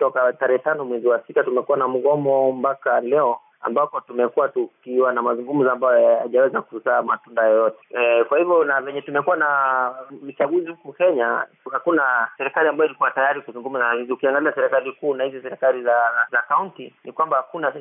toka tarehe tano mwezi wa sita tumekuwa na mgomo mpaka leo ambako tumekuwa tukiwa na mazungumzo ambayo hajaweza kuzaa matunda yoyote. E, kwa hivyo na venye tumekuwa na uchaguzi huku Kenya, hakuna serikali ambayo ilikuwa tayari kuzungumza. Ukiangalia serikali kuu na hizi serikali za za kaunti, ni kwamba hakuna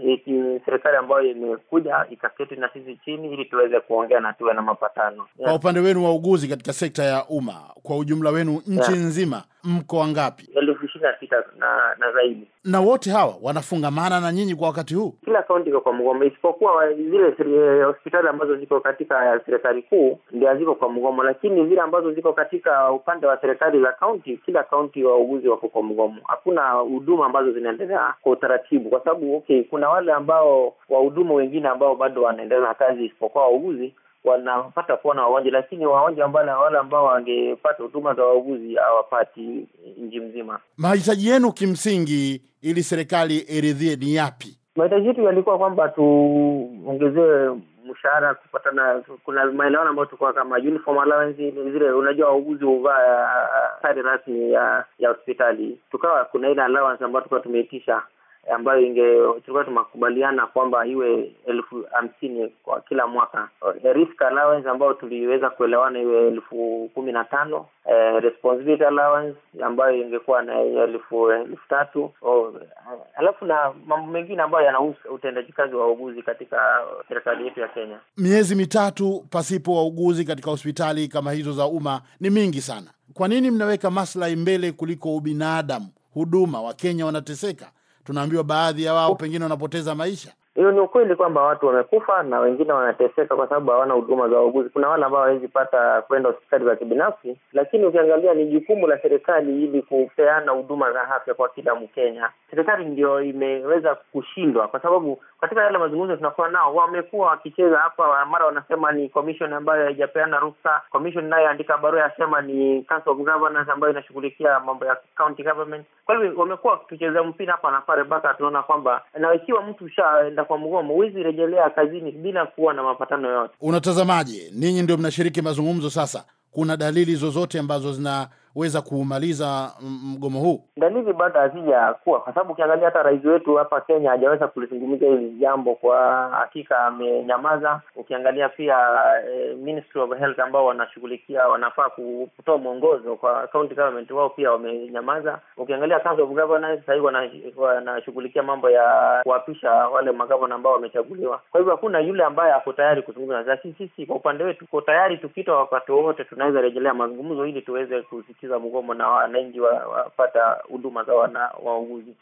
serikali ambayo imekuja ikaketi na sisi chini ili tuweze kuongea na tuwe na mapatano. Kwa upande wenu wa uguzi katika sekta ya umma kwa ujumla wenu nchi yeah, nzima mko wangapi? elfu tisini na sita na na zaidi, na wote hawa wanafungamana na nyinyi kwa wakati huu. Kila kaunti iko kwa mgomo, isipokuwa zile eh, hospitali ambazo ziko katika serikali kuu ndio ziko kwa mgomo, lakini zile ambazo ziko katika upande wa serikali za kaunti, kila kaunti wauguzi wako kwa mgomo. Hakuna huduma ambazo zinaendelea kwa utaratibu, kwa sababu okay, kuna wale ambao wahudumu wengine ambao bado wanaendelea na kazi isipokuwa wauguzi wanapata kuona wagonjwa, lakini wagonjwa ambao wale ambao wangepata huduma za wauguzi hawapati nchi mzima. Mahitaji yenu kimsingi, ili serikali iridhie, ni yapi? Mahitaji yetu yalikuwa kwamba tuongezewe mshahara kupatana. Kuna maelewano ambayo tulikuwa kama uniform allowance, zile unajua wauguzi huvaa uh, sare rasmi ya ya hospitali, tukawa kuna ile allowance ambayo tulikuwa tumeitisha ambayo inge tulikuwa tumakubaliana kwamba iwe elfu hamsini kwa kila mwaka. Eh, risk allowance ambayo tuliweza kuelewana iwe elfu kumi na tano eh, responsibility allowance ambayo ingekuwa na elfu elfu tatu oh, alafu na mambo mengine ambayo yanahusu utendaji kazi wa wauguzi katika serikali yetu ya Kenya. Miezi mitatu pasipo wauguzi katika hospitali kama hizo za umma ni mingi sana. Kwa nini mnaweka maslahi mbele kuliko ubinadamu? Huduma, Wakenya wanateseka tunaambiwa baadhi ya wao pengine wanapoteza maisha. Hiyo ni ukweli kwamba watu wamekufa na wengine wanateseka kwa sababu hawana huduma za wauguzi. Kuna wale ambao hawawezi pata kwenda hospitali za kibinafsi, lakini ukiangalia ni jukumu la serikali ili kupeana huduma za afya kwa kila Mkenya serikali ndio imeweza kushindwa, kwa sababu katika yale mazungumzo tunakuwa nao, wamekuwa wakicheza hapa, mara wanasema ni commission ambayo haijapeana ruksa, commission inayoandika barua yasema ni council of governors ambayo inashughulikia mambo ya county government. Kwa hivyo wamekuwa wakituchezea mpira hapa na pale, mpaka tunaona kwamba na ikiwa mtu ushaenda kwa mgomo, huwezi rejelea kazini bila kuwa na mapatano yoyote. Unatazamaje? Ninyi ndio mnashiriki mazungumzo sasa, kuna dalili zozote ambazo zina weza kuumaliza mgomo huu? Dalili bado hazijakuwa, kwa sababu ukiangalia hata rais wetu hapa Kenya hajaweza kulizungumzia hili jambo, kwa hakika amenyamaza. Ukiangalia pia eh, Ministry of Health ambao wanashughulikia wanafaa kutoa mwongozo kwa county government, wao pia wamenyamaza. Ukiangalia Council of Governors wanashughulikia mambo ya kuhapisha wale magavana ambao wamechaguliwa. Kwa hivyo hakuna yule ambaye ako tayari kuzungumza, lakini sisi kwa upande wetu tuko tayari, tukitwa wakati wowote tunaweza rejelea mazungumzo ili tuweze kuzi kusikiza mgomo na wananchi wapata huduma za wana wauguzi.